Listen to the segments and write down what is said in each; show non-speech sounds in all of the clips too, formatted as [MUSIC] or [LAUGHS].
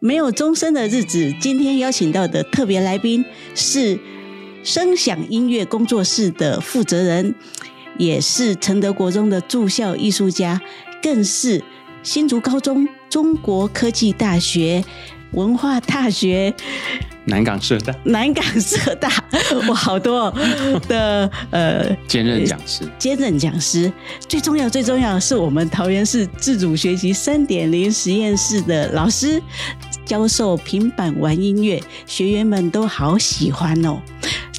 沒有鐘聲的日子。今天邀請到的特別來賓是聲響音樂工作室的負責人，也是承德國中的駐校藝術家，更是新竹高中、中國科技大學、文化大學。南港社大，南港社大，我好多，哦， [LAUGHS] 的呃，兼任講師，兼任講師，最重要最重要的是我們桃園市自主學習三點零實驗室的老師教授平板玩音樂，學員們都好喜歡哦。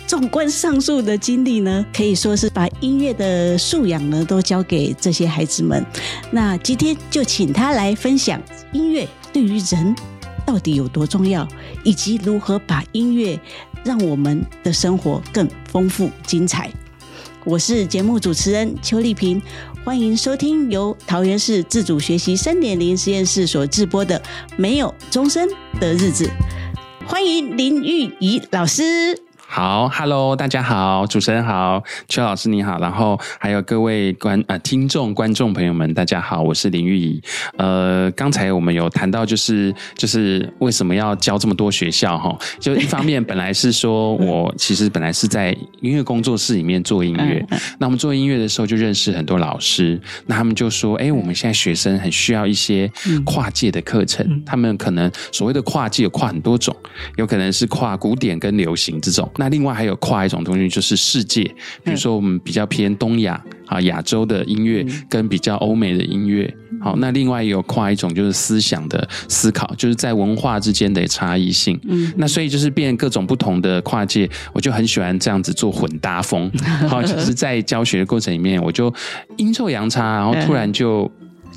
縱觀上述的經歷呢，可以說是把音樂的素養呢都教給這些孩子們。那今天就請他來分享音樂對於人到底有多重要，以及如何把音樂讓我們的生活更豐富精彩？我是節目主持人邱儷萍，歡迎收聽由桃園市自主學習三點零實驗室所製播的《沒有鐘聲的日子》。歡迎林育誼老師。好哈嘍，Hello, 大家好，主持人好，邱老師你好，然後還有各位觀啊、呃、聽眾觀眾朋友們，大家好，我是林育誼。呃，剛才我們有談到，就是就是為什麼要教這麼多學校哈？就一方面，本來是說我其實本來是在音樂工作室裡面做音樂，嗯嗯、那我們做音樂的時候就認識很多老師，那他們就說，誒，我們現在學生很需要一些跨界的課程，嗯、他們可能所謂的跨界有跨很多種，有可能是跨古典跟流行這種。那另外還有跨一種東西，就是世界，比如說我們比較偏東亞啊、亞洲的音樂，跟比較歐美的音樂。好，那另外也有跨一種，就是思想的思考，就是在文化之間的差異性。嗯嗯，那所以就是變各種不同的跨界，我就很喜歡這樣子做混搭風。好，其實在教學的過程裡面，我就陰錯陽差，然後突然就。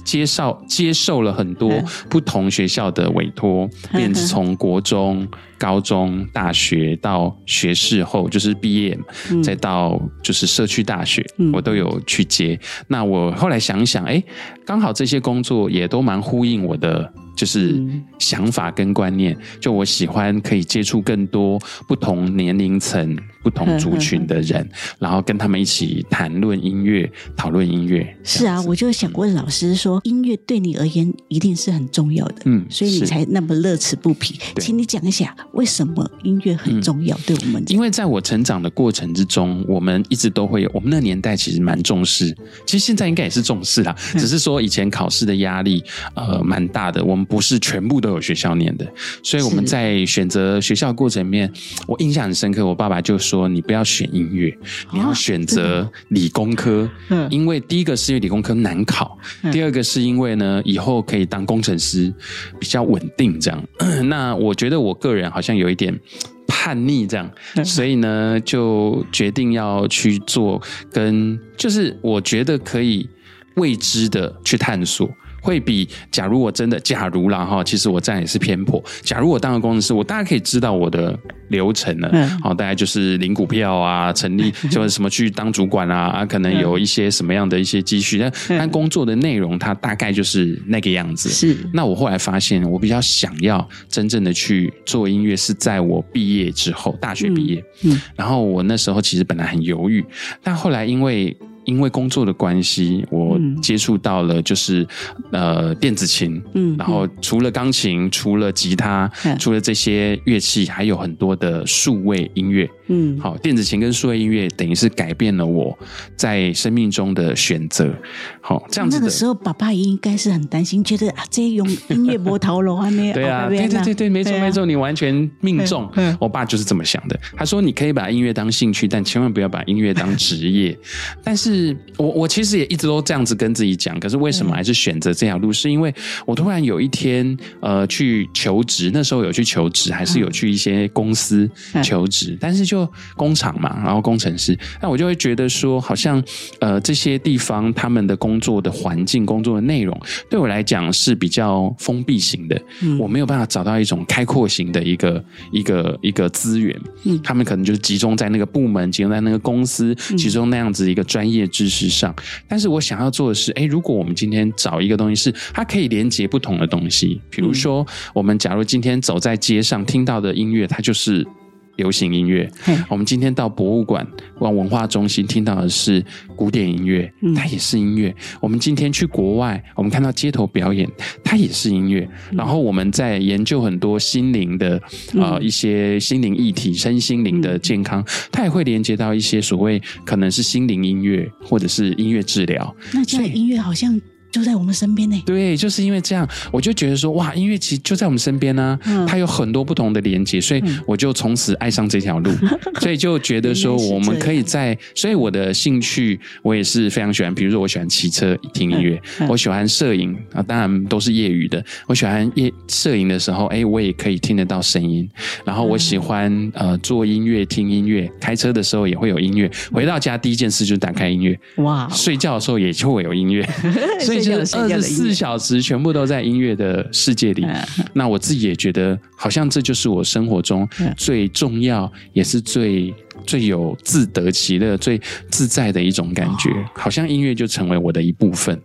接受接受了很多不同學校的委託，呵呵便從國中、高中、大學到學士後，就是畢業、嗯，再到就是社區大學，嗯，我都有去接。那我後來想想，哎、欸，剛好這些工作也都蠻呼應我的。就是想法跟觀念，就我喜歡可以接觸更多不同年齡層、不同族群的人，然後跟他們一起談論音樂、討論音樂。是啊，我就想問老師說，音樂對你而言一定是很重要的，嗯，所以你才那麼樂此不疲。請你講一下為什麼音樂很重要對我們？因為在我成長的過程之中，我們一直都會有，我們那年代其實蠻重視，其實現在應該也是重視啦，只是說以前考試的壓力呃蠻大的，我們。不是全部都有學校念的，所以我們在選擇學校過程裡面，是我印象很深刻。我爸爸就說：“你不要選音樂，哦、你要選擇理工科。”嗯、因為第一個是因為理工科難考，嗯、第二個是因為呢以後可以當工程師比較穩定。這樣， [COUGHS] 那我覺得我個人好像有一點叛逆，這樣，嗯、所以呢就決定要去做跟就是我覺得可以未知的去探索。會比假如我真的假如啦，哈，其實我這樣也是偏頗。假如我當個工程師，我大概可以知道我的流程了。嗯，好，大概就是領股票啊，成立就是什麼去當主管啊、嗯、啊，可能有一些什麼樣的一些積蓄。但，但工作的內容，它大概就是那個樣子。是。那我後來發現，我比較想要真正的去做音樂，是在我畢業之後，大學畢業。嗯。嗯然後我那時候其實本來很猶豫，但後來因為。因為工作的關係，我接觸到了就是呃電子琴，嗯，然後除了鋼琴，除了吉他，除了這些樂器，還有很多的數位音樂，嗯，好，電子琴跟數位音樂等於是改變了我在生命中的選擇，好，這樣子。那個時候，爸爸應該是很擔心，覺得啊，這用音樂沒頭路，還沒有。對啊，對對對對，沒錯沒錯，你完全命中，我爸就是這麼想的，他說你可以把音樂當興趣，但千萬不要把音樂當職業，但是。是我，我其實也一直都這樣子跟自己講，可是為什麼還是選擇這條路？嗯、是因為我突然有一天，呃，去求職，那時候有去求職，還是有去一些公司求職，啊、但是就工廠嘛，然後工程師，嗯、那我就會覺得說，好像呃這些地方他們的工作的環境、工作的內容，對我來講是比較封閉型的，嗯、我沒有辦法找到一種開闊型的一個一個一個資源，嗯、他們可能就是集中在那個部門，集中在那個公司，集中那樣子一個專業。知識上，但是我想要做的是，哎、欸，如果我們今天找一個東西是，是它可以連接不同的東西，比如說，嗯、我們假如今天走在街上聽到的音樂，它就是。流行音樂，嘿我們今天到博物館、往文化中心聽到的是古典音樂，嗯、它也是音樂。我們今天去國外，我們看到街頭表演，它也是音樂。嗯、然後我們在研究很多心靈的啊、呃嗯、一些心靈議題，身心靈的健康，嗯、它也會連接到一些所謂可能是心靈音樂或者是音樂治療。那這以音樂好像。就在我們身邊呢、欸。對，就是因為這樣，我就覺得說，哇，音樂其實就在我們身邊呢、啊。嗯、它有很多不同的連接，所以我就從此愛上這條路。嗯、所以就覺得說，我們可以在。 [LAUGHS] 所以我的興趣，我也是非常喜歡。比如說，我喜歡騎車聽音樂，嗯嗯、我喜歡攝影啊，當然都是業餘的。我喜歡夜攝影的時候，哎，我也可以聽得到聲音。然後我喜歡、嗯、呃做音樂、聽音樂、開車的時候也會有音樂。回到家第一件事就是打開音樂。哇，睡覺的時候也就會有音樂，哇 [LAUGHS] 所以。二十四小時全部都在音樂的世界裡，嗯、那我自己也覺得，好像這就是我生活中最重要，嗯、也是最最有自得其樂、最自在的一種感覺。哦、好像音樂就成為我的一部分。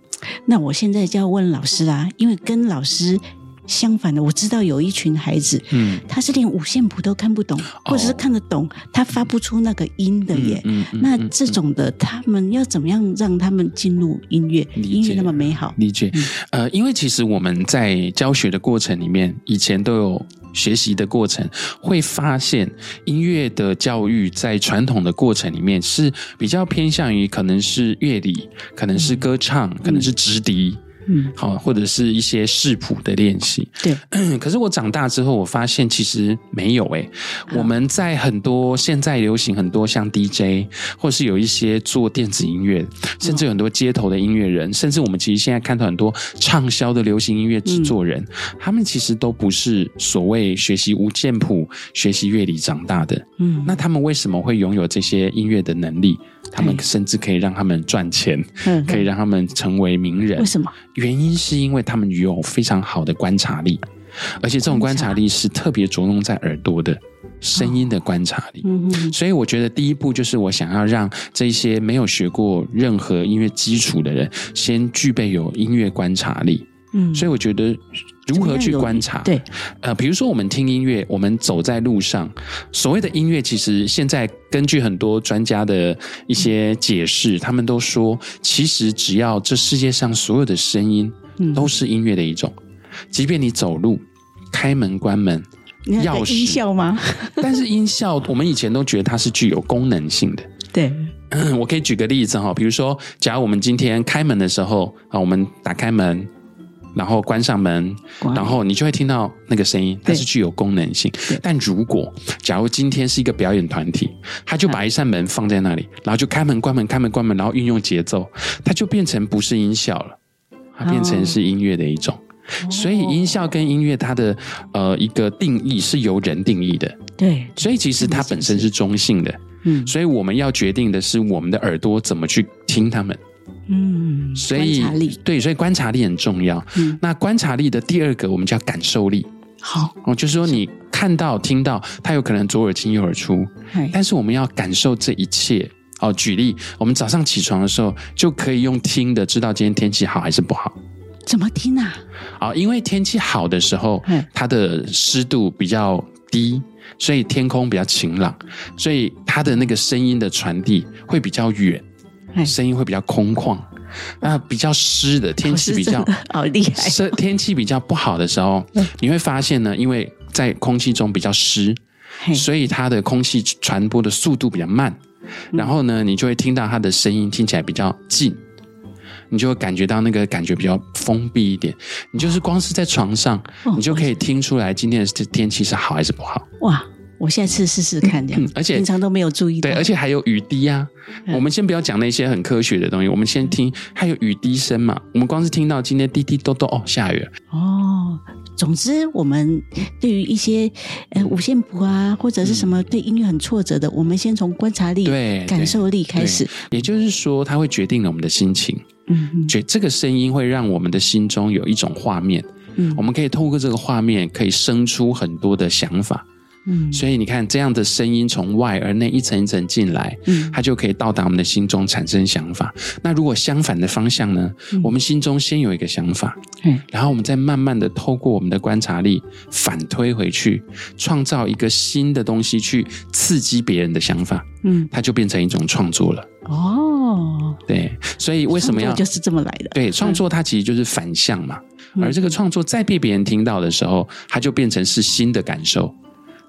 那我現在就要問老師啊，因為跟老師。相反的，我知道有一群孩子，嗯、他是連五線譜都看不懂，哦、或者是看得懂，他發不出那個音的耶。嗯嗯嗯、那這種的，嗯、他們要怎麼樣讓他們進入音樂？理解、音樂那麼美好，理解。嗯、呃，因為其實我們在教學的過程裡面，以前都有學習的過程，會發現音樂的教育在傳統的過程裡面是比較偏向於可能是樂理，可能是歌唱，嗯、可能是直笛。嗯嗯，好，或者是一些視譜的練習。對，可是我長大之後，我發現其實沒有哎、欸。我們在很多現在流行很多像 DJ，或是有一些做電子音樂，甚至有很多街頭的音樂人，哦、甚至我們其實現在看到很多暢銷的流行音樂製作人，嗯、他們其實都不是所謂學習五線譜、學習樂理長大的。嗯，那他們為什麼會擁有這些音樂的能力？他們甚至可以讓他們賺錢，可以讓他們成為名人？嗯、為什麼？原因是因為他們有非常好的觀察力，而且這種觀察力是特別着重在耳朵的聲音的觀察力。嗯哼，所以我覺得第一步就是我想要讓這些沒有學過任何音樂基礎的人，先具備有音樂觀察力。嗯，所以我覺得如何去觀察，對，呃，比如說我們聽音樂，我們走在路上，所謂的音樂，其實現在根據很多專家的一些解釋，嗯、他們都說，其實只要這世界上所有的聲音都是音樂的一種，嗯、即便你走路、開門、關門、要、嗯、鑰匙音效嗎？ [LAUGHS] 但是音效，我們以前都覺得它是具有功能性的。對、嗯，我可以舉個例子哈，比如說，假如我們今天開門的時候啊、呃，我們打開門。然後關上門，關然後你就會聽到那個聲音，對它是具有功能性。但如果假如今天是一個表演團體，他就把一扇門放在那裡，啊、然後就開門、關門、開門、關門，然後運用節奏，它就變成不是音效了，它變成是音樂的一種。哦、所以音效跟音樂，它的呃一個定義是由人定義的。對，所以其實它本身是中性的。嗯，所以我們要決定的是我們的耳朵怎麼去聽它們。嗯，所以觀察力對，所以觀察力很重要。嗯，那觀察力的第二個，我們叫感受力。好，哦，就是說是你看到、聽到，它有可能左耳進右耳出。嘿但是我們要感受這一切。哦，舉例，我們早上起床的時候，就可以用聽的知道今天天氣好還是不好。怎麼聽啊？啊，哦，因為天氣好的時候，它的濕度比較低，嘿所以天空比較晴朗，所以它的那個聲音的傳遞會比較遠。聲音會比較空曠，啊，比較濕的天氣比較好厲害，哦，天天氣比較不好的時候，嗯、你會發現呢，因為在空氣中比較濕，嘿所以它的空氣傳播的速度比較慢，然後呢，你就會聽到它的聲音聽起來比較近，你就會感覺到那個感覺比較封閉一點。你就是光是在床上，你就可以聽出來今天的天氣是好還是不好哇。我現在去試試看，這樣，嗯，而且平常都沒有注意到。對，而且還有雨滴啊。嗯，我們先不要講那些很科學的東西，嗯，我們先聽，還有雨滴聲嘛。我們光是聽到今天滴滴咚咚，哦，下雨了。哦，總之，我們對於一些呃五線譜啊，或者是什麼對音樂很挫折的，嗯，我們先從觀察力、對感受力開始。也就是說，它會決定了我們的心情。嗯哼，覺得這個聲音會讓我們的心中有一種畫面。嗯，我們可以透過這個畫面，可以生出很多的想法。嗯，所以你看，這樣的聲音從外而內一層一層進來，嗯，它就可以到達我們的心中，產生想法。那如果相反的方向呢？嗯，我們心中先有一個想法，嗯，然後我們再慢慢的透過我們的觀察力反推回去，創造一個新的東西去刺激別人的想法，嗯，它就變成一種創作了。哦，對，所以為什麼要就是這麼來的？對，創作它其實就是反向嘛。嗯，而這個創作再被別人聽到的時候，它就變成是新的感受。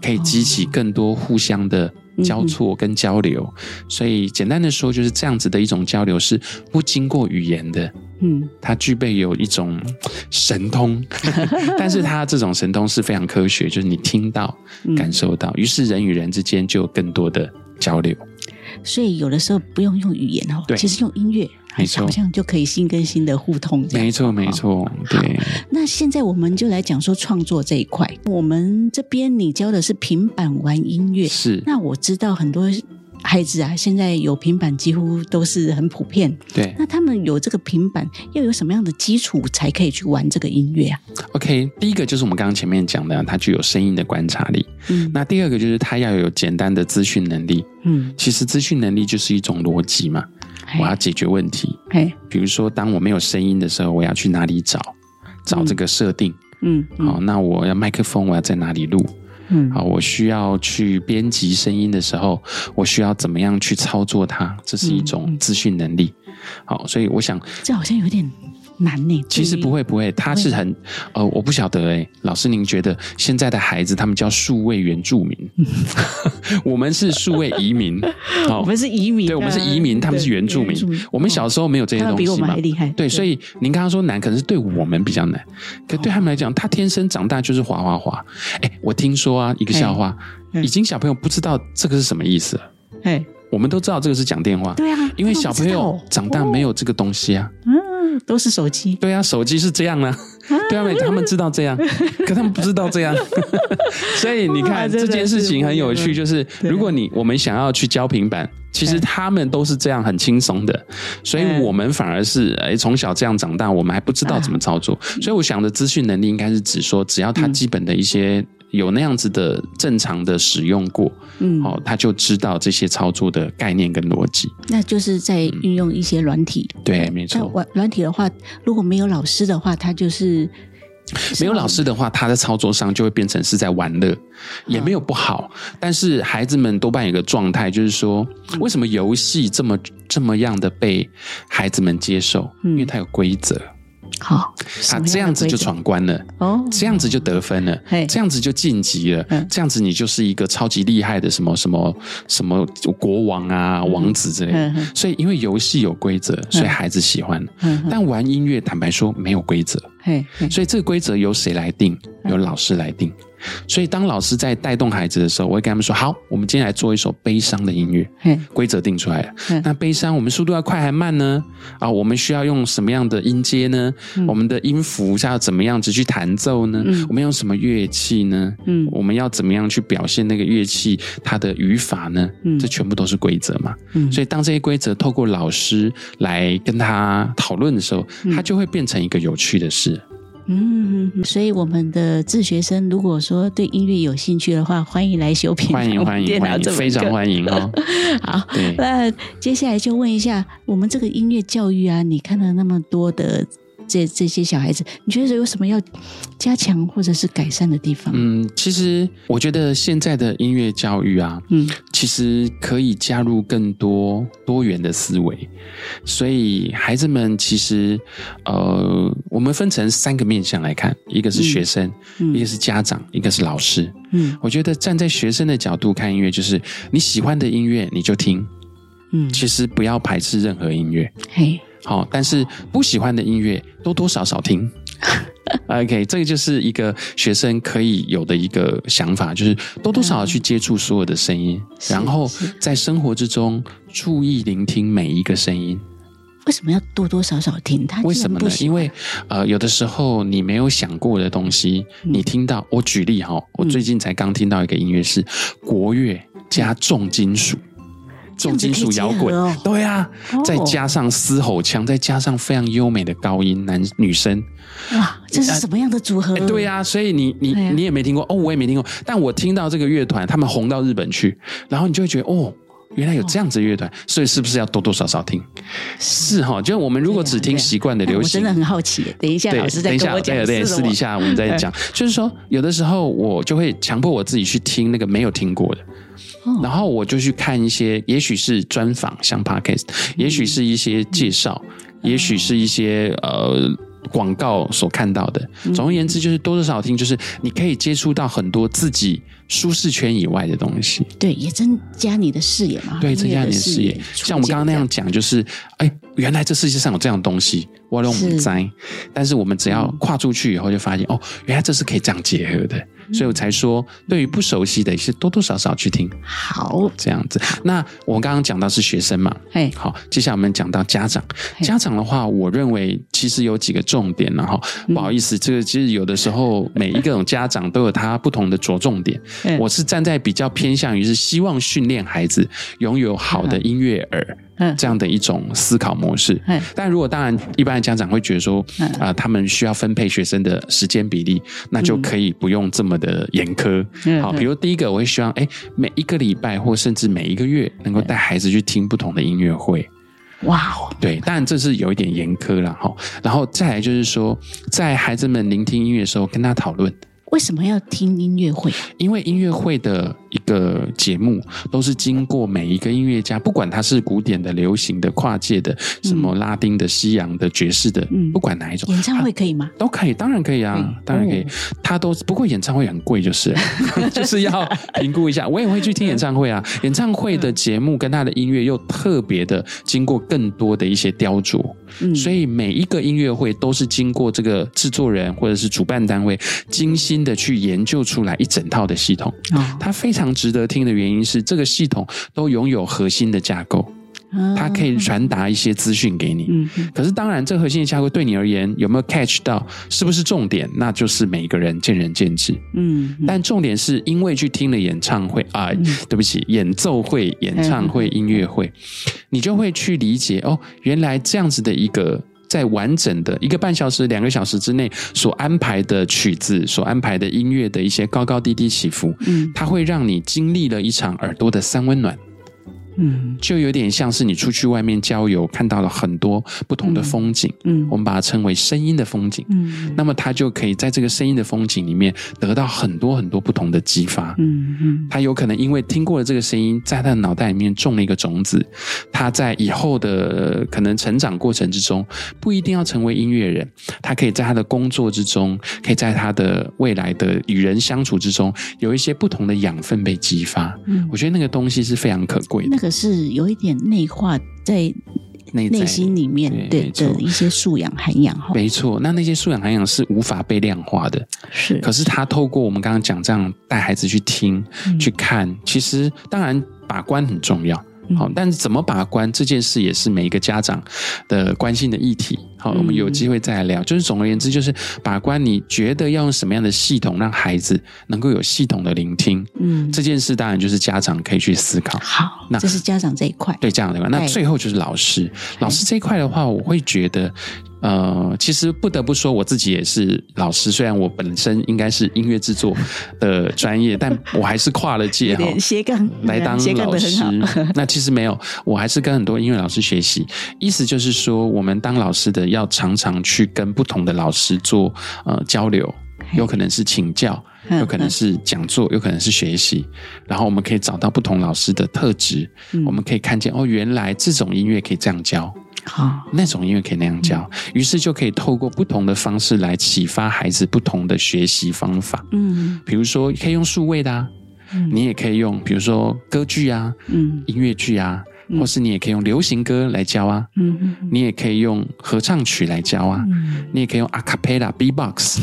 可以激起更多互相的交錯跟交流，哦、嗯嗯，所以簡單的說就是這樣子的一種交流是不經過語言的，嗯，它具備有一種神通，嗯、但是它這種神通是非常科學，就是你聽到、嗯、感受到，於是人與人之間就有更多的交流。所以有的時候不用用語言哦，對其實用音樂。沒錯，好像就可以心跟心的互通這樣。沒錯，沒錯，哦、對。那現在我們就來講說創作這一塊。我們這邊你教的是平板玩音樂，是。那我知道很多孩子啊，現在有平板幾乎都是很普遍。對。那他們有這個平板，要有什麼樣的基礎才可以去玩這個音樂啊？OK，第一個就是我們剛剛前面講的，它具有聲音的觀察力。嗯。那第二個就是他要有簡單的資訊能力。嗯。其實資訊能力就是一種邏輯嘛。我要解決問題，比如說，當我沒有聲音的時候，我要去哪裡找？找這個設定，嗯，好、嗯嗯哦，那我要麥克風，我要在哪裡錄？嗯，好、哦，我需要去編輯聲音的時候，我需要怎麼樣去操作它？這是一種資訊能力。嗯嗯好，所以我想，這好像有點難呢。其實不會，不會，他是很呃，我不曉得誒，老師，您覺得現在的孩子他們叫數位原住民，我們是數位移民。我們是移民，對，我們是移民，他們是原住民。我們小時候沒有這些東西嘛，比我們還厲害。對，所以您剛剛說難，可能是對我們比較難，可對他們來講，他天生長大就是滑滑滑。誒，我聽說啊，一個笑話，已經小朋友不知道這個是什麼意思了。誒。我們都知道這個是講電話。對啊，因為小朋友長大沒有這個東西啊，嗯，都是手機，對啊，手機是這樣啊。對啊，他們知道這樣，可他們不知道這樣，所以你看這件事情很有趣，就是如果你我們想要去教平板，其實他們都是這樣很輕鬆的，所以我們反而是欸從小這樣長大，我們還不知道怎麼操作，所以我想的資訊能力應該是指說，只要他基本的一些。有那樣子的正常的使用過，嗯，哦，他就知道這些操作的概念跟邏輯，那就是在運用一些軟體，嗯、對，沒錯。軟體的話，如果沒有老師的話，他就是沒有老師的話，他在操作上就會變成是在玩樂，也沒有不好。哦、但是孩子們多半有一個狀態就是說，為什麼遊戲這麼這麼樣的被孩子們接受？嗯、因為它有規則。好，嗯、啊，這樣子就闖關了哦，這樣子就得分了，嘿這樣子就晉級了，嘿這樣子你就是一個超級厲害的什麼什麼什麼國王啊，嗯、哼王子之類的。嗯嗯、所以，因為遊戲有規則，所以孩子喜歡。嗯嗯、但玩音樂，坦白說沒有規則，嘿所以這個規則由誰來定？嘿由老師來定。所以，當老師在帶動孩子的時候，我會跟他們說：“好，我們今天來做一首悲傷的音樂。嘿規則定出來了。嘿那悲傷，我們速度要快還慢呢？啊，我們需要用什麼樣的音階呢？嗯，我們的音符要怎麼樣子去彈奏呢？嗯，我們用什麼樂器呢？嗯，我們要怎麼樣去表現那個樂器它的語法呢？嗯，這全部都是規則嘛。嗯，所以當這些規則透過老師來跟他討論的時候，它，嗯，就會變成一個有趣的事。”嗯，所以我們的自學生，如果說對音樂有興趣的話，歡迎來修片，歡迎歡迎歡迎，非常歡迎哦。 [LAUGHS] 好，對那接下來就問一下，我們這個音樂教育啊，你看了那麼多的。這這些小孩子，你覺得有什麼要加強或者是改善的地方？嗯，其實我覺得現在的音樂教育啊，嗯，其實可以加入更多多元的思維。所以孩子們其實，呃，我們分成三個面向來看：一個是學生，嗯，一個是家長，嗯，一個是老師。嗯，我覺得站在學生的角度看音樂，就是你喜歡的音樂你就聽。嗯，其實不要排斥任何音樂。嘿。好，但是不喜歡的音樂多多少少聽，OK， [LAUGHS] 這個就是一個學生可以有的一個想法，就是多多少少去接觸所有的聲音，嗯、然後在生活之中注意聆聽每一個聲音。為什麼要多多少少聽？它為什麼呢？因為呃，有的時候你沒有想過的東西，你聽到。嗯、我舉例哈，我最近才剛聽到一個音樂是國樂加重金屬。重金屬搖滾，哦、對呀、啊，oh. 再加上嘶吼腔，再加上非常優美的高音男女生，哇，這是什麼樣的組合？呃、對呀、啊，所以你你、啊、你也沒聽過哦，我也沒聽過，但我聽到這個樂團他們紅到日本去，然後你就會覺得哦。原來有這樣子的樂團，所以是不是要多多少少聽？哦、是哈、哦，就我們如果只聽習慣的流行，啊啊、我真的很好奇等。等一下，老師再等一下，對。私底下我們再講。對對就是說，有的時候我就會強迫我自己去聽那個沒有聽過的，哦、然後我就去看一些，也許是專訪，像 Podcast、嗯、也許是一些介紹，嗯、也許是一些、嗯、呃廣告所看到的。總而言之，就是多多少少聽，就是你可以接觸到很多自己。舒適圈以外的東西，對，也增加你的視野嘛。對，增加你的視野。像我們剛剛那樣講，就是，哎，原來這世界上有這樣東西，我都不知道，但是我們只要跨出去以後，就發現哦，原來這是可以這樣結合的。所以我才說，對於不熟悉的，一些，多多少少去聽。好，這樣子。那我們剛剛講到是學生嘛？哎，好。接下來我們講到家長。家長的話，我認為其實有幾個重點，然後不好意思，這個其實有的時候每一個家長都有他不同的着重點。 [MUSIC] 我是站在比較偏向於是希望訓練孩子擁有好的音樂耳，這樣的一種思考模式。但如果當然，一般的家長會覺得說啊、呃，他們需要分配學生的時間比例，那就可以不用這麼的嚴苛。好，比如第一個，我會希望哎、欸，每一個禮拜或甚至每一個月，能夠帶孩子去聽不同的音樂會。哇哦，對，當然這是有一點嚴苛了。然後再來就是說，在孩子們聆聽音樂的時候，跟他討論。為什麼要聽音樂會？因為音樂會的一個節目都是經過每一個音樂家，不管他是古典的、流行的、跨界的，什麼拉丁的、西洋的、爵士的，嗯、不管哪一種，演唱會可以嗎、啊？都可以，當然可以啊，嗯、當然可以，哦、他都不過演唱會很貴，就是、啊、 [LAUGHS] 就是要評估一下。我也會去聽演唱會啊， [LAUGHS] 演唱會的節目跟他的音樂又特別的經過更多的一些雕琢，嗯、所以每一個音樂會都是經過這個制作人或者是主辦單位精心的去研究出來一整套的系統，它非常值得聽的原因是，這個系統都擁有核心的架構，它可以傳達一些資訊給你。嗯、哼可是，當然，這核心的架構對你而言有沒有 catch 到，是不是重點，那就是每個人見仁見智。嗯、哼但重點是因為去聽了演唱會啊，對不起，演奏會、演唱會、嗯、哼音樂會，你就會去理解哦，原來這樣子的一個。在完整的一個半小時、兩個小時之內，所安排的曲子、所安排的音樂的一些高高低低起伏，嗯，它會讓你經歷了一場耳朵的三溫暖。嗯，就有點像是你出去外面郊遊，看到了很多不同的風景。嗯，嗯，我們把它稱為聲音的風景。嗯，那麼他就可以在這個聲音的風景裡面得到很多很多不同的激發。嗯嗯，他、嗯、有可能因為聽過了這個聲音，在他的腦袋裡面種了一個種子。他在以後的可能成長過程之中，不一定要成為音樂人，他可以在他的工作之中，可以在他的未來的與人相處之中，有一些不同的養分被激發。嗯，我覺得那個東西是非常可貴的。那個可是有一點內化在內心裡面對，對的一些素養涵養哈，沒錯。那那些素養涵養是無法被量化的是，可是他透過我們剛剛講這樣帶孩子去聽、嗯、去看，其實當然把關很重要。好，嗯、但是怎麼把關這件事也是每一個家長的關心的議題。好，我們有機會再來聊。嗯、就是總而言之，就是把關你覺得要用什麼樣的系統，讓孩子能夠有系統的聆聽。嗯，這件事當然就是家長可以去思考。好，那這是家長這一塊。對，家長這塊，那最後就是老師。對老師這一塊的話，我會覺得。呃，其實不得不說，我自己也是老師。雖然我本身應該是音樂製作的專業， [LAUGHS] 但我還是跨了界哈、哦，斜槓來當老師。斜 [LAUGHS] 那其實沒有，我還是跟很多音樂老師學習。意思就是說，我們當老師的要常常去跟不同的老師做呃交流，有可能是請教， [LAUGHS] 有可能是講座，有可能是學習。 [LAUGHS] 然後我們可以找到不同老師的特質， [LAUGHS] 我們可以看見哦，原來這種音樂可以這樣教。好、哦，那種音樂可以那樣教，於、嗯、是就可以透過不同的方式來啟發孩子不同的學習方法。嗯，比如說可以用數位的、啊，嗯、你也可以用，比如說歌劇啊，嗯，音樂劇啊。或是你也可以用流行歌來教啊，你也可以用合唱曲來教啊，你也可以用 a cappella、b-box。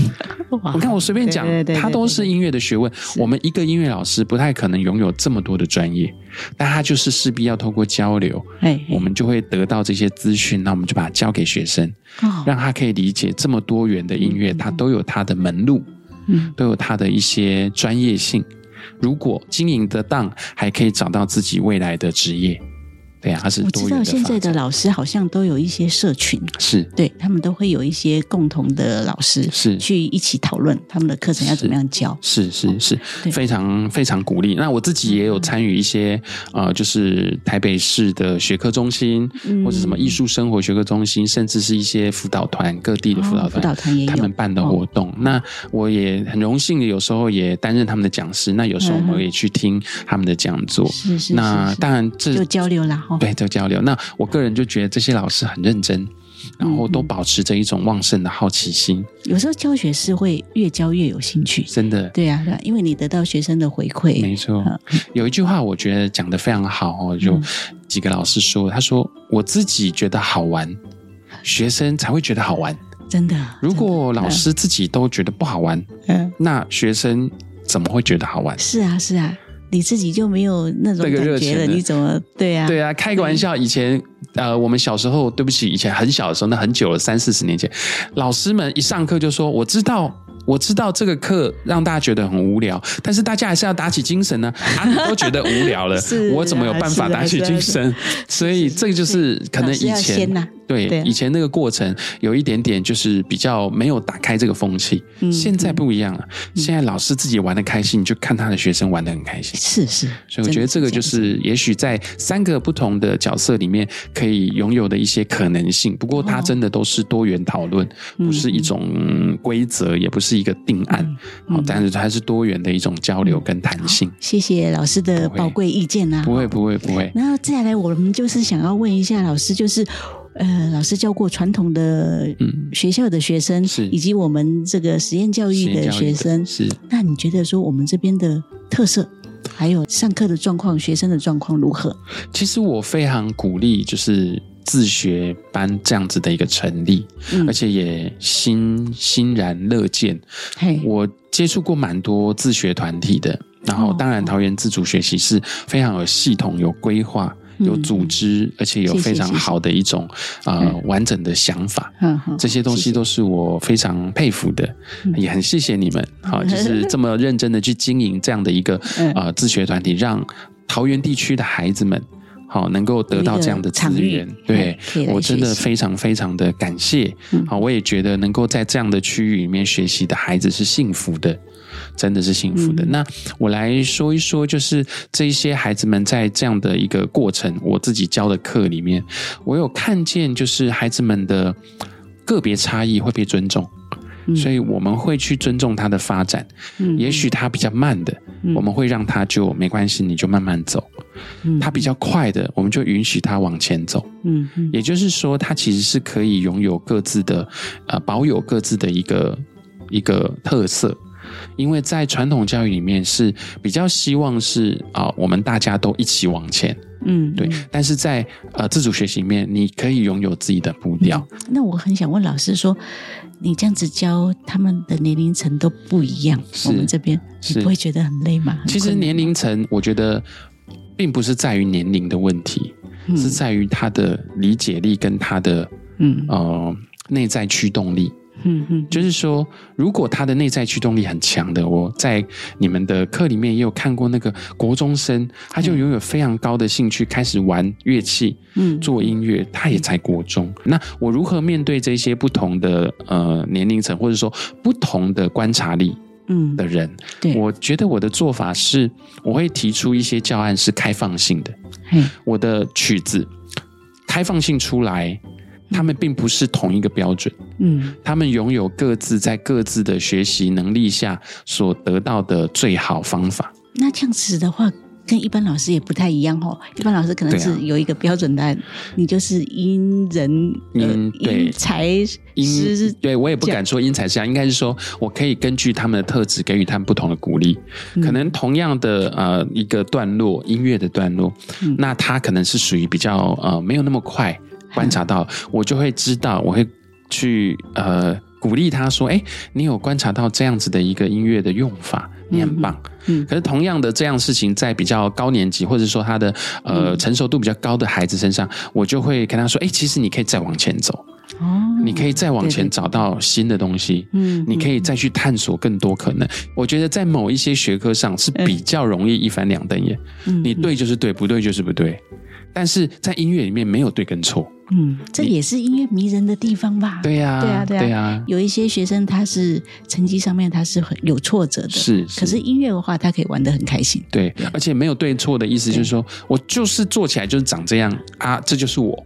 你看我隨便講，它都是音樂的學問。我們一個音樂老師不太可能擁有這麼多的專業，但他就是勢必要透過交流，我們就會得到這些資訊。那我們就把它教給學生，讓他可以理解這麼多元的音樂，它都有它的門路，都有它的一些專業性。如果經營得當，還可以找到自己未來的職業。對啊，他是我知道現在的老師好像都有一些社群，是對他們都會有一些共同的老師，是去一起討論他們的課程要怎麼樣教，是是是，非常非常鼓勵。那我自己也有參與一些，呃，就是台北市的學科中心，或者什麼藝術生活學科中心，甚至是一些輔導團，各地的輔導團，輔導團也有他們辦的活動。那我也很榮幸的，有時候也擔任他們的講師。那有時候我們也去聽他們的講座，是是。那當然這就交流啦。對，做交流。那我個人就覺得這些老師很認真，然後都保持着一種旺盛的好奇心。嗯，有時候教學是會越教越有興趣，真的。對啊，是吧，因為你得到學生的回饋。沒錯，嗯，有一句話我覺得講得非常好哦，就幾個老師說，他說：“我自己覺得好玩，學生才會覺得好玩。”嗯，真的。如果老師自己都覺得不好玩，嗯，那學生怎麼會覺得好玩？嗯，是啊，是啊。你自己就沒有那種感覺了？了，你怎麼對啊？對啊，開個玩笑。對以前呃，我們小時候，對不起，以前很小的時候，那很久了，三四十年前，老師們一上課就說：“我知道。”我知道這個課讓大家覺得很無聊，但是大家還是要打起精神呢、啊啊。都覺得無聊了， [LAUGHS] 是我怎麼有辦法打起精神？所以這個就是可能以前、啊、對,對、啊、以前那個過程有一點點就是比較沒有打開這個風氣。啊、現在不一樣了、啊，現在老師自己玩的開心，嗯、你就看他的學生玩的很開心。是是，所以我覺得這個就是也許在三個不同的角色裡面可以擁有的一些可能性。不過它真的都是多元討論，哦、不是一種規則，也不是。是一個定案，嗯嗯哦，但是它是多元的一種交流跟彈性。謝謝老師的寶貴意見啊！不會不會不會。不會不會，那接下來我們就是想要問一下老師，就是呃，老師教過傳統的學校的學生，嗯、是以及我們這個實驗教育的、教育的學生，是，那你覺得說我們這邊的特色，還有上課的狀況，學生的狀況如何？其實我非常鼓勵，就是。自學班這樣子的一個成立，嗯、而且也欣欣然樂見。嘿我接觸過蠻多自學團體的，然後當然桃園自主學習是非常有系統、有規劃、有組織，嗯、而且有非常好的一種啊、嗯呃、完整的想法。嗯、呵呵這些東西都是我非常佩服的，嗯、也很謝謝你們。好、嗯，就是這麼認真的去經營這樣的一個啊、嗯呃、自學團體，讓桃園地區的孩子們。好，能夠得到這樣的資源，對，我真的非常非常的感謝。好、嗯，我也覺得能夠在這樣的區域裡面學習的孩子是幸福的，真的是幸福的。嗯、那我來說一說，就是這一些孩子們在這樣的一個過程，我自己教的課裡面，我有看見，就是孩子們的個別差異會被尊重，嗯、所以我們會去尊重他的發展。嗯嗯也許他比較慢的，嗯、我們會讓他就沒關係，你就慢慢走。嗯、他比較快的，我們就允許他往前走。嗯，嗯也就是說，他其實是可以擁有各自的，呃，保有各自的一個一個特色，因為在傳統教育裡面是比較希望是啊、呃，我們大家都一起往前。嗯，對。但是在呃自主學習裡面，你可以擁有自己的步調，嗯。那我很想問老師說，你這樣子教他們的年齡層都不一樣，是我們這邊你不會覺得很累嗎？是嗎其實年齡層，我覺得。並不是在於年齡的問題，嗯、是在於他的理解力跟他的嗯呃內在驅動力。嗯嗯，嗯就是說，如果他的內在驅動力很強的，我在你們的課裡面也有看過那個國中生，他就擁有非常高的興趣，開始玩樂器，嗯，做音樂，他也在國中。那我如何面對這些不同的呃年齡層，或者說不同的觀察力？嗯，的人，對，我覺得我的做法是，我會提出一些教案是開放性的。嘿我的曲子開放性出來，他們並不是同一個標準。嗯，他們擁有各自在各自的學習能力下所得到的最好方法。那這樣子的話。跟一般老師也不太一樣哦，一般老師可能是有一個標準的答案，啊、你就是因人因因材施。對,因對我也不敢說因材施教，應該是說我可以根據他們的特質給予他們不同的鼓勵。嗯、可能同樣的呃一個段落音樂的段落，嗯、那他可能是屬於比較呃沒有那麼快觀察到，嗯、我就會知道，我會去呃鼓勵他說：“哎，你有觀察到這樣子的一個音樂的用法。”你很棒，嗯嗯、可是同樣的這樣事情，在比較高年級或者說他的呃成熟度比較高的孩子身上，嗯、我就會跟他說：“哎、欸，其實你可以再往前走，哦、你可以再往前找到新的東西，嗯嗯、你可以再去探索更多可能。嗯”我覺得在某一些學科上是比較容易一翻兩瞪眼，嗯、你對就是對，不對就是不對。但是在音樂裡面沒有對跟錯。嗯，這也是音樂迷人的地方吧？對呀，對呀，啊啊，對呀，啊，對啊。有一些學生他是成績上面他是很有挫折的，是。是，可是音樂的話，他可以玩得很開心。對，對而且沒有對錯的意思，就是說對我就是做起來就是長這樣啊，這就是我。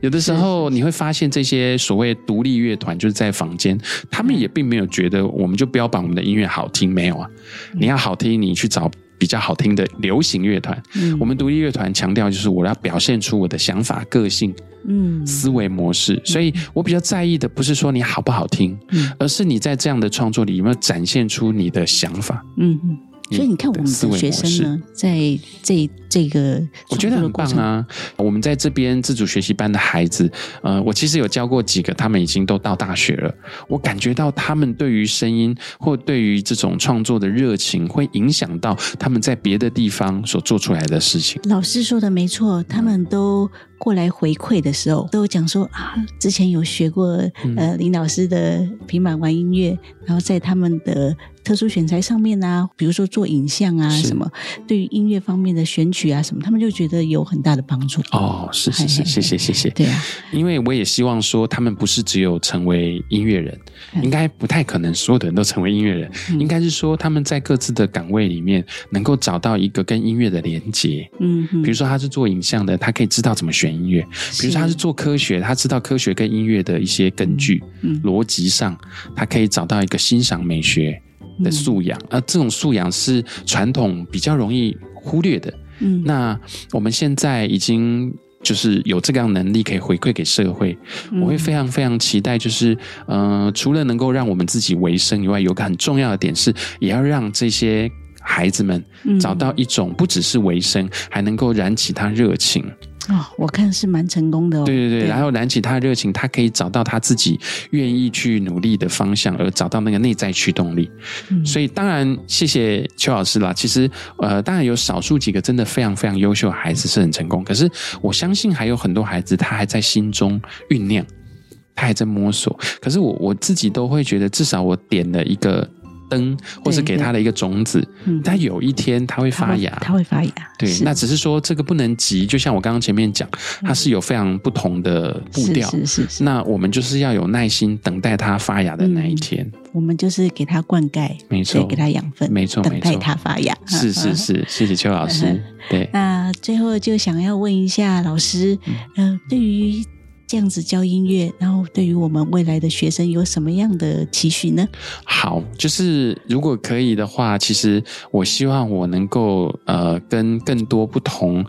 有的時候你會發現，這些所謂獨立樂團就是在房間，他們也並沒有覺得我們就不要把我們的音樂好聽沒有啊？你要好聽，你去找，比較好聽的流行樂團，嗯、我們獨立樂團強調就是我要表現出我的想法、個性、嗯、思維模式，嗯、所以我比較在意的不是說你好不好聽，嗯、而是你在這樣的創作裡有沒有展現出你的想法，嗯嗯，所以你看我們的學生呢，嗯、這學生在這一。這個我覺得很棒啊！我們在這邊自主學習班的孩子，呃，我其實有教過幾個，他們已經都到大學了。我感覺到他們對於聲音或對於這種創作的熱情，會影響到他們在別的地方所做出來的事情。老師說的沒錯，他們都過來回饋的時候，都有講說啊，之前有學過呃林老師的平板玩音樂，嗯、然後在他們的特殊選材上面啊，比如說做影像啊什麼，是對於音樂方面的選取。啊什麼？他們就覺得有很大的幫助哦！是是是，嘿嘿嘿謝謝謝謝。對啊，因為我也希望說，他們不是只有成為音樂人，嗯、應該不太可能所有的人都成為音樂人。嗯、應該是說，他們在各自的崗位裡面，能夠找到一個跟音樂的連接。嗯哼，比如說他是做影像的，他可以知道怎麼選音樂，是比如說他是做科學，他知道科學跟音樂的一些根據，嗯嗯、邏輯上，他可以找到一個欣賞美學的素養。嗯、哼而這種素養是傳統比較容易忽略的。嗯，那我們現在已經就是有這個樣的能力可以回饋給社會，嗯、我會非常非常期待，就是呃，除了能夠讓我們自己維生以外，有個很重要的點是，也要讓這些孩子們找到一種不只是維生，嗯、還能夠燃起他熱情。哦，我看是蠻成功的哦。對對對，對，然後燃起他的熱情，他可以找到他自己願意去努力的方向，而找到那個內在驅動力。嗯、所以當然謝謝邱老師啦。其實呃，當然有少數幾個真的非常非常優秀的孩子是很成功，嗯、可是我相信還有很多孩子他還在心中醞釀，他還在摸索。可是我我自己都會覺得，至少我點了一個。燈，或是給他的一個種子，它有一天他會發芽，他會發芽。對，那只是說這個不能急，就像我剛剛前面講，它是有非常不同的步調，是是是。那我們就是要有耐心，等待它發芽的那一天。我們就是給它灌溉，沒錯，給它養分，沒錯，等待它發芽。是是是，謝謝邱老師。對，那最後就想要問一下老師，嗯，對於。這樣子教音樂，然後對於我們未來的學生有什麼樣的期許呢？好，就是如果可以的話，其實我希望我能夠呃、跟更多不同，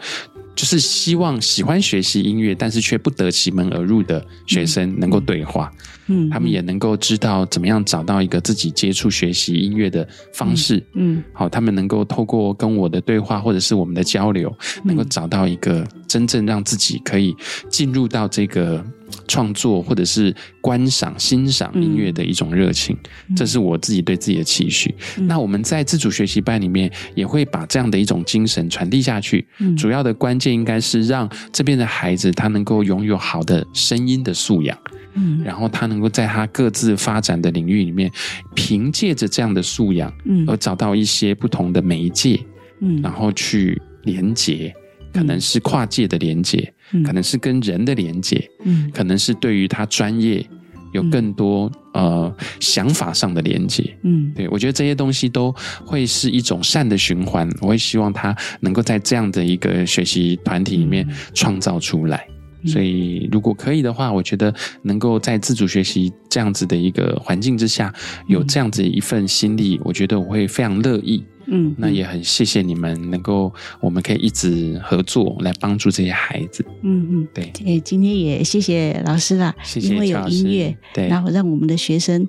就是希望喜歡學習音樂，但是卻不得其門而入的學生能夠對話。嗯。嗯。他們也能夠知道怎麼樣找到一個自己接觸學習音樂的方式。嗯，好、嗯，他們能夠透過跟我的對話或者是我們的交流，嗯、能夠找到一個真正讓自己可以進入到這個創作或者是觀賞欣賞音樂的一種熱情。嗯嗯、這是我自己對自己的期許。嗯、那我們在自主學習班裡面也會把這樣的一種精神傳遞下去。嗯、主要的關鍵應該是讓這邊的孩子他能夠擁有好的聲音的素養。嗯、然後他能夠在他各自發展的領域裡面，憑借着這樣的素養，嗯，而找到一些不同的媒介，嗯，嗯然後去連接，可能是跨界的連接，嗯，可能是跟人的連接，嗯，可能是對於他專業有更多、嗯、呃想法上的連接，嗯，對，我覺得這些東西都會是一種善的循環，我會希望他能夠在這樣的一個學習團體裡面創造出來。嗯嗯所以，如果可以的話，我覺得能夠在自主學習這樣子的一個環境之下，有這樣子一份心力，我覺得我會非常樂意。嗯，嗯那也很謝謝你們能夠，我們可以一直合作來幫助這些孩子。嗯嗯，嗯對，對。今天也謝謝老師啦，謝謝老師，因為有音樂，對，然後讓我們的學生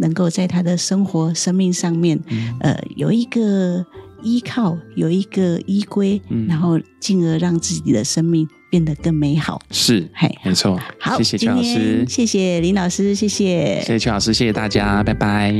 能夠在他的生活、生命上面，嗯、呃，有一個依靠，有一個依歸，嗯、然後進而讓自己的生命。變得更美好是，嘿，沒錯。好，謝謝邱老師，謝謝林老師，謝謝，謝謝邱老師，謝謝大家，拜拜。